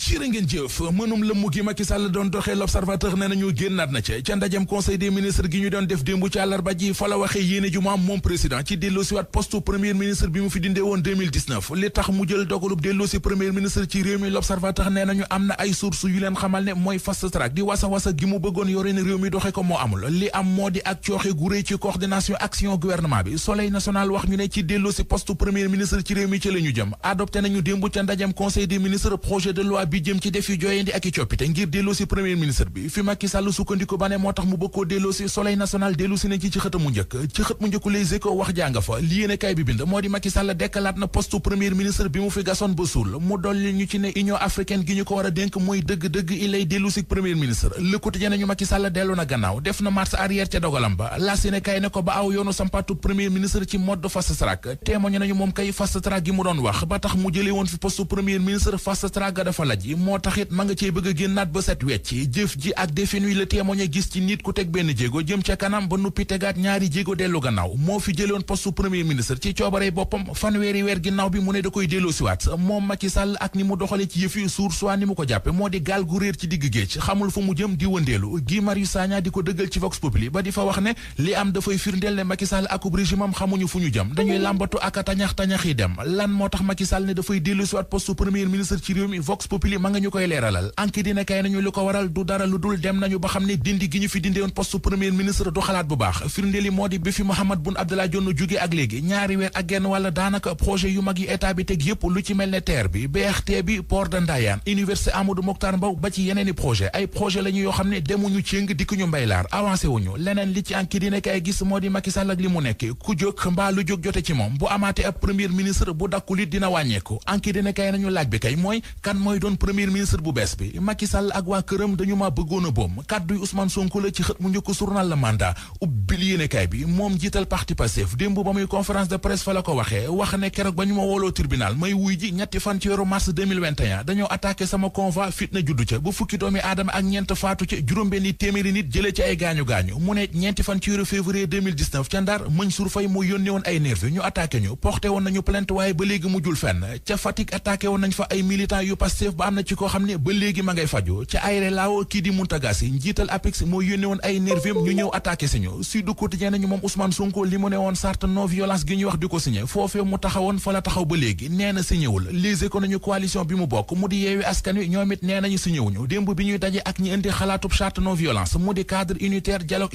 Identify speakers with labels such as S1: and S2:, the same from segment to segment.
S1: jërë ngeen jëf mënum lëmmu gi Macky Sall doon doxee l'observateur ne nañu génnaat na ca ca ndajem conseil des ministres gi ñu doon def démb ci àllarba ji fa yéene ju moom président ci delloosiwaat poste premier ministre bi mu fi dindee li tax mu jël dogalub delloosi premier ministre ci réew mi l'observateur ne nañu am na ay source yu leen xamal ne mooy fast track di wasa wasa gi mu bëggoon yoreen réew mi doxe ko moo amul li am moo bi jëm ci def yu jooyandi ak i coppite ngir delloosi premier ministre bi fi Macky Sall sukkandiku ba ne moo tax mu bëggoo delloosi soleil national delloosi na ci ci njëkk ci mu njëkku les échos wax jànga fa li bi bind moo di Macky Sall dekkalaat na poste premier ministre bi mu fi gasoon ba mu dolli ñu ci ne union africaine gi ñu ko war a dénk mooy dëgg-dëgg ilay delloosi premier ministre le quotidien ñu ne ko ba aw yoonu loola ji moo taxit ma nga cee bëgg a génnaat ba set wecc jëf ji ak defin wi la a gis ci nit ku teg benn jéego jëm ca kanam ba nuppi tegaat ñaari jéego dellu gannaaw moo fi jëloon postu premier ministre ci coobarey boppam fanweeri weer ginnaaw bi mu ne da koy delloo moom Macky ak ni mu doxale ci yëf yi suur soit ni mu ko jàppe moo di gaal gu réer ci digg géej xamul fu mu jëm di wëndeelu Guy Marius Sagna di ko dëggal ci Vox Populi ba di fa a tañax populi ma nga ñu koy leeralal enquête dina kay nañu li ko waral du dara lu ba xam ne ci yeneeni projet ay projet lañu yoo xam ne demuñu cëng dikk ñu mbaylaar avancé wuñu leneen li ci enquête dina kay gis moo di Macky ak li mu nekk ku jóg mbaa lu jóg jote ci moom bu amaate ab premier ministre bu dakkulit dina wàññeeku enquête dina kay nañu mooy kan mooy doon doon premier ministre bu bees bi Macky ak waa këram dañu ma bëggoon a kàdduy Ousmane Sonko la ci xët mu njëkk journal la mandat ubbil yéenekaay bi moom jiital parti Pastef démb ba muy conférence de presse fa la ko waxee wax ne keroog ba ñu ma wooloo tribunal may wuy ji ñetti fan ci weeru mars 2021 dañoo sama convoi fitna juddu ca bu fukki doomi aadama ak ñeent faatu ca juróom-benni téeméeri nit jëlee ci ay gaañu-gaañu mu ne ñeenti fan ci weeru ba am na ci koo xam ne ba léegi ma ngay faju ca ayre laaw kii di Mountagassi njiital APEX moo yónne woon ay nervim ñu ñëw attaqué siñu Sud Quotidien nañu moom Ousmane Sonko li mu ne woon charte non violence gi ñuy wax di ko signé foofee mu taxawoon fa la taxaw ba léegi nee na signéwul Les Échos nañu coalition bi mu bokk mu di yeewi askan wi ñoom it nee nañu signéwuñu démb bi ñuy daje ak ñi indi xalaatub charte non violence mu di cadre unitaire dialogue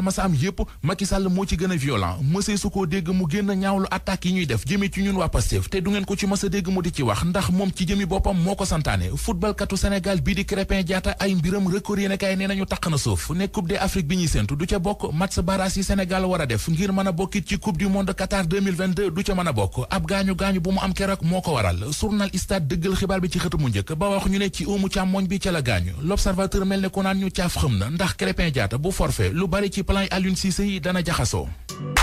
S1: Sénégal masa am yépp Macky moo ci gën a mësee su koo dégg mu génn ñaawlu attaques yi ñuy def jëmee ci ñun waa Pastef te du ngeen ko ci mës dégg mu di ci wax ndax moom ci jëmi boppam moo ko santaane footballkatu Sénégal bii di Crépin Diatta ay mbiram record yéen nee nañu taq na suuf ne Coupe d'Afrique bi ñuy séntu du ca bokk match barrage yi Sénégal war def ngir mën bokkit ci Coupe du monde Qatar du ca mën bokk ab gaañu-gaañu bu mu am keroog moo ko plan yi Aliou Cissé yi dana jaxasoo